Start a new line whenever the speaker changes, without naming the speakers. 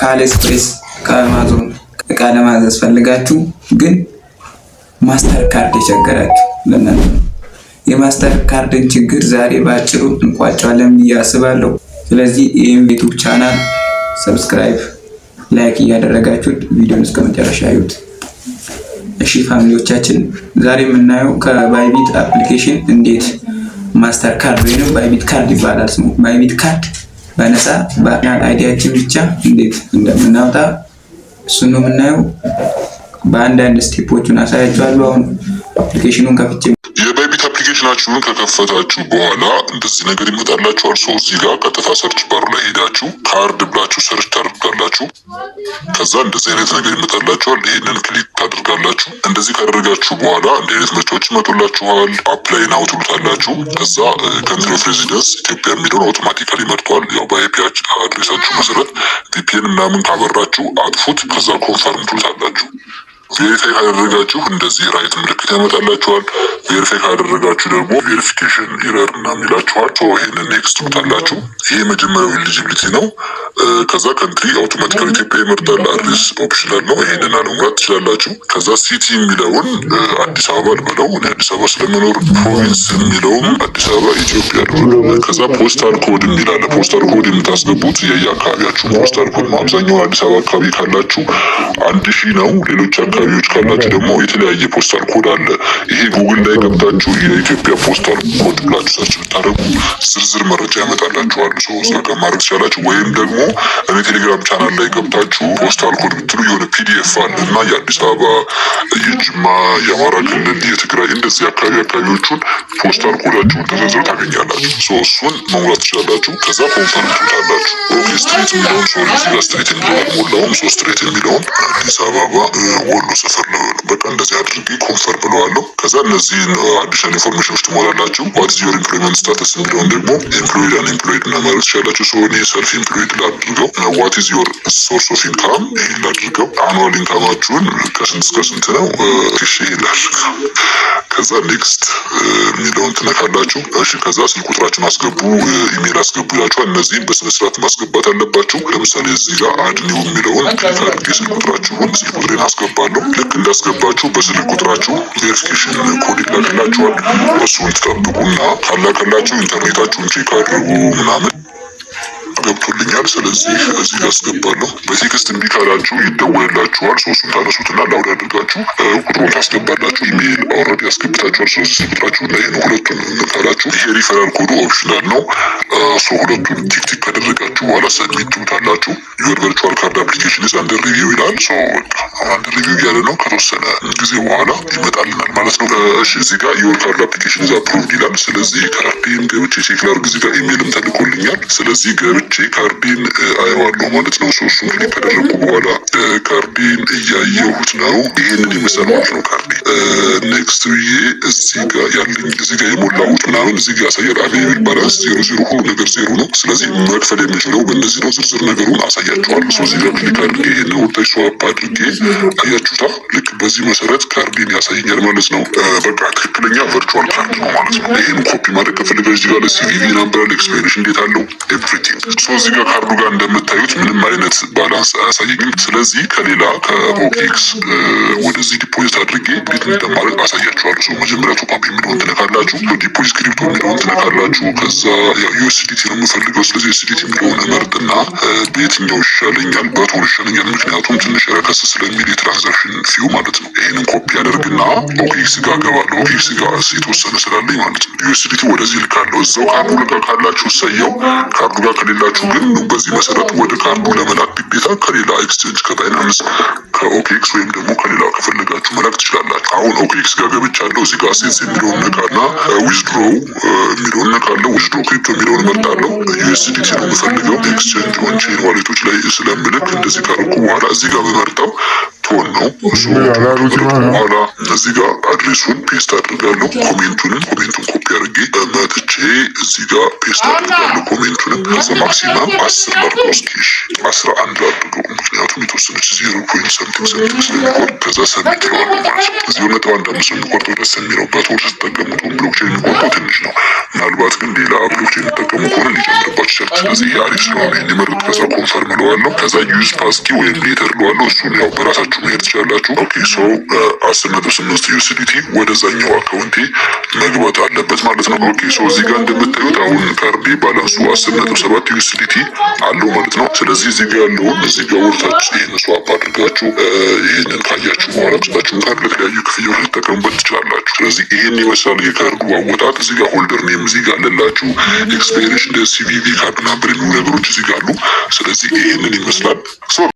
ከአሊኤክስፕሬስ ከአማዞን እቃ ለማዘዝ ፈልጋችሁ ግን ማስተር ካርድ የቸገራችሁ ለእናንተ የማስተር ካርድን ችግር ዛሬ በአጭሩ እንቋጫለን ብዬ አስባለሁ። ስለዚህ ይህም ዩቱብ ቻናል ሰብስክራይብ፣ ላይክ እያደረጋችሁት ቪዲዮን እስከ መጨረሻ ዩት። እሺ ፋሚሊዎቻችን ዛሬ የምናየው ከባይቢት አፕሊኬሽን እንዴት ማስተር ካርድ ወይም ባይቢት ካርድ ይባላል ስሙ ባይቢት ካርድ በነፃ በአን አይዲያችን ብቻ እንዴት እንደምናወጣ እሱን ነው የምናየው። በአንዳንድ ስቴፖቹን አሳያቸዋለሁ። አሁን አፕሊኬሽኑን ከፍቼ
አፕሊኬሽናችሁ ምን ከከፈታችሁ በኋላ እንደዚህ ነገር ይመጣላችሁ። አርሶ እዚህ ጋር ቀጥታ ሰርች ባሩ ላይ ሄዳችሁ ካርድ ብላችሁ ሰርች ታደርጋላችሁ። ከዛ እንደዚህ አይነት ነገር ይመጣላችኋል። ይህንን ክሊክ ታደርጋላችሁ። እንደዚህ ካደረጋችሁ በኋላ እንደ አይነት ምርጫዎች ይመጡላችኋል። አፕላይ ናው ትሉታላችሁ። ከዛ ካንትሪ ኦፍ ሬዚደንስ ኢትዮጵያ የሚለውን አውቶማቲካሊ ይመርጠዋል። ያው በአይፒ አድሬሳችሁ መሰረት ቪፒኤን ምናምን ካበራችሁ አጥፉት። ከዛ ኮንፈርም ትሉታላችሁ። ቬሪፋይ ካደረጋችሁ እንደዚህ ራይት ምልክት ያመጣላችኋል። ቬሪፋይ ካደረጋችሁ ደግሞ ቬሪፊኬሽን ኢረር ምናምን ይላችኋል። ይህንን ኔክስት ትሉታላችሁ። ይሄ የመጀመሪያው ኤሊጂቢሊቲ ነው። ከዛ ከንትሪ አውቶማቲካሊ ኢትዮጵያ ይመርጣል። አድሬስ ኦፕሽናል ነው። ይሄንን አለመምራት ትችላላችሁ። ከዛ ሲቲ የሚለውን አዲስ አበባ ልበለው እኔ አዲስ አበባ ስለምኖር፣ ፕሮቪንስ የሚለውም አዲስ አበባ ኢትዮጵያ ልበለው። ከዛ ፖስታል ኮድ የሚላለ ፖስታል ኮድ የምታስገቡት የየ አካባቢያችሁ ፖስታል ኮድ ነው። አብዛኛውን አዲስ አበባ አካባቢ ካላችሁ አንድ ሺ ነው። ሌሎች አካባቢዎች ካላችሁ ደግሞ የተለያየ ፖስታል ኮድ አለ። ይሄ ጉግል ላይ ገብታችሁ የኢትዮጵያ ፖስታል ኮድ ብላችሁ ሰርች ብታደርጉ ዝርዝር መረጃ ያመጣላችኋል። ሰው እዛ ማድረግ ትችላላችሁ ወይም ደግሞ በቴሌግራም ቻናል ላይ ገብታችሁ ፖስት አልኩን የምትሉ የሆነ ፒዲኤፍ አለ እና የአዲስ አበባ፣ የጅማ፣ የአማራ ክልል፣ የትግራይ እንደዚህ አካባቢ አካባቢዎቹን ፖስት አልኮዳችሁን ተዘርዝሮ ታገኛላችሁ። እሱን መሙላት ትችላላችሁ። ከዛ ኮንፈርም ትላላችሁ። ኦኬ ስትሬት የሚለውን ሶሪ ዚጋ ስትሬት የሚለውን ሞላውም ሶስት ስትሬት የሚለውን አዲስ አበባ ወሎ ሰፈር ነው በቃ እንደዚህ አድርጊ ኮንፈርም ብለዋለሁ። ከዛ እነዚህ አዲሽናል ኢንፎርሜሽኖች ትሞላላችሁ። ዋትስ ዩር ኢምፕሎይመንት ስታተስ የሚለውን ደግሞ ኤምፕሎይድ አን ኤምፕሎይድ እና ማለት ትችላላችሁ። ሲሆን ሰልፍ ኤምፕሎይድ ላድርገው፣ ዋት ዮር ሶርስ ኦፍ ኢንካም ይሄን ላድርገው፣ አኑዋል ኢንካማችሁን ከስንት እስከ ስንት ነው uh, እሺ ይሄን ላድርገው። ከዛ ኔክስት uh, የሚለውን ትነካላችሁ። እሺ ከዛ ስልክ ቁጥራችሁን አስገቡ፣ ኢሜል uh, አስገቡ ይላችኋል። እነዚህም ስርዓት ማስገባት አለባችሁ። ለምሳሌ እዚህ ጋር አድኒው የሚለውን ክሊክ አድርጌ ስልክ ቁጥራችሁን ስልክ ቁጥሬን አስገባለሁ። ልክ እንዳስገባችሁ በስልክ ቁጥራችሁ ቬሪፊኬሽን ኮድ ይላክላችኋል። እሱን ትጠብቁና ታላቅላችሁ ኢንተርኔታችሁን ቼክ አድርጉ ምናምን ገብቶልኛል። ስለዚህ እዚህ ያስገባለሁ። በቴክስት እምቢ ካላችሁ ይደወልላችኋል። ሶስቱን ታነሱትና ላውድ አድርጋችሁ ቁጥሩን ታስገባላችሁ። ኢሜይል አውረድ ያስገብታችኋል። ስለዚህ ቁጥራችሁ እና ይህን ሁለቱን ካላችሁ ይሄ ሪፈራል ኮዱ ኦፕሽናል ነው። ሶ ሁለቱን ቲክቲክ ካደረጋችሁ በኋላ ሰሚት ትሉታላችሁ። ዩር ቨርቹዋል ካርድ አፕሊኬሽን ኢዝ አንደር ሪቪው ይላል። ሶ አንደር ሪቪው እያለ ነው። ከተወሰነ ጊዜ በኋላ ይመጣልናል ማለት ነው። እሺ እዚህ ጋር ዩር ካርድ አፕሊኬሽን ኢዝ አፕሩቭድ ይላል። ስለዚህ ካርዴን ገብቼ ሴክላር ጊዜ ጋር ኢሜይልም ተልኮልኛል። ስለዚህ ገብቼ ገብቼ ካርዲን አየዋለሁ ማለት ነው። ሶሱ ክሊክ ከደረግኩ በኋላ ካርዲን እያየሁት ነው። ይህንን ይመስላል ማለት ነው። ካርዲን ኔክስት ብዬ እዚህ ጋ ያለኝ እዚህ ጋ የሞላሁት ምናምን እዚህ ጋ ያሳያል። አቬብል ባላንስ ዜሮ ዜሮ ሁሉ ነገር ዜሮ ነው። ስለዚህ መክፈል የምችለው በእነዚህ ነው። ዝርዝር ነገሩን አሳያችኋለሁ። ሰው እዚህ ክሊክ አድርጌ ይህን ወታይ ስዋፕ አድርጌ አያችሁታ። ልክ በዚህ መሰረት ካርዲን ያሳየኛል ማለት ነው። በቃ ትክክለኛ ቨርቹዋል ካርድ ነው ማለት ነው። ይህን ኮፒ ማድረግ ከፈለገ እዚህ ጋር ሲቪቪ ናምበራል ኤክስፕላኔሽን እንዴት አለው ኤቭሪቲንግ ሰው እዚህ ጋር ካርዱ ጋር እንደምታዩት ምንም አይነት ባላንስ አያሳየኝም። ስለዚህ ከሌላ ከኦኬክስ ወደዚህ ዲፖዚት አድርጌ ቤት እንደማድረግ አሳያችኋለሁ። ሰው መጀመሪያ ቶፓፕ የሚለውን ትነካላችሁ፣ ዲፖዚት ክሪፕቶ የሚለውን ትነካላችሁ። ከዛ ዩኤስዲቲ ነው የምፈልገው። ስለዚህ ዩኤስዲቲ የሚለውን እመርጥና በየትኛው ይሻለኛል፣ በቶር ይሻለኛል፣ ምክንያቱም ትንሽ ረከስ ስለሚል የትራንዛክሽን ፊው ማለት ነው። ይህንን ኮፒ አደርግና ኦኬክስ ጋር ገባለሁ። ኦኬክስ ጋር የተወሰነ ስላለኝ ማለት ነው ዩኤስዲቲ ወደዚህ ልካለሁ። እዛው ካርዱ ልጋ ካላችሁ እሰየው፣ ካርዱ ጋር ከሌላ ተጠቃሚዎች እንዲሆኑ በዚህ መሰረት ወደ ካርዱ ለመላክ ግዴታ ከሌላ ኤክስቼንጅ ከባይናንስ ከኦኬክስ ወይም ደግሞ ከሌላ ከፈለጋችሁ መላክ ትችላላችሁ። አሁን ኦኬክስ ጋር ገብቻለሁ። እዚህ ጋር ሴንስ የሚለውን ነካና ዊዝድሮ የሚለውን ነካለሁ። ዊዝድሮ ክሪፕቶ የሚለውን መርጣለሁ። ዩኤስዲቲ ነው የምፈልገው። ኤክስቼንጅ ኦን ዋሌቶች ላይ ስለምልክ እንደዚህ ካረኩ በኋላ እዚህ ጋር በመርጠው ቶን ነው። እሱ በኋላ እዚህ ጋር አድሬሱን ፔስት አድርጋለሁ። ኮሜንቱንም ኮሜንቱን ኮፒ አድርጌ መጥቼ እዚህ ጋር ፔስት አድርጋለሁ። ኮሜንቱንም ከዛ ማክሲማም አስር ማርኮስኪሽ አስራ አንድ ላድርገው። ምክንያቱም የተወሰነች ዜሮ ፖይንት ሰምቲንግ ሰምቲንግ ስለሚቆርጥ ከዛ ሰሚት ይዋሉ ማለት ነው። እዚህ በመጠባ እንዳምስ የሚቆርጠው ደስ የሚለው በቶር ስትጠቀሙት ብሎክቼን የሚቆርጠው ትንሽ ነው። ምናልባት ግን ሌላ አፕሎች የሚጠቀሙ ከሆነ ሊጨምርባቸው ይችላል። ስለዚህ አሪፍ ስለሆነ እንዲመርጥ ከዛ ኮንፈርም ለዋለው ከዛ ዩዝ ፓስኪ ወይም ሌተር ለዋለው እሱን ያው በራሳችሁ መሄድ ትችላላችሁ። ኦኬ ሰው አስር ነጥብ ስምንት ዩስዲቲ ወደዛኛው አካውንቴ መግባት አለበት ማለት ነው። ኦኬ ሰው እዚህ ጋር እንደምታዩት አሁን ካርዴ ባላንሱ አስር ነጥብ ሰባት ዩስዲቲ አለው ማለት ነው። ስለዚህ እዚህ ጋር ያለውን እዚህ ጋር ወርታች ይህን ስዋፕ አድርጋችሁ ይህንን ካያችሁ በኋላ ምስላችሁን ካርድ ለተለያዩ ክፍያዎች ልጠቀሙበት ትችላላችሁ። ስለዚህ ይህን ይመስላል የካርዱ አወጣት። እዚህ ጋር ሆልደር ኔም ሁሉም እዚህ ጋር አለላችሁ። ኤክስፓይሬሽን ሲቪቪ ካርድ ናምበር የሚሉ ነገሮች እዚህ ጋር አሉ። ስለዚህ ይህንን ይመስላል።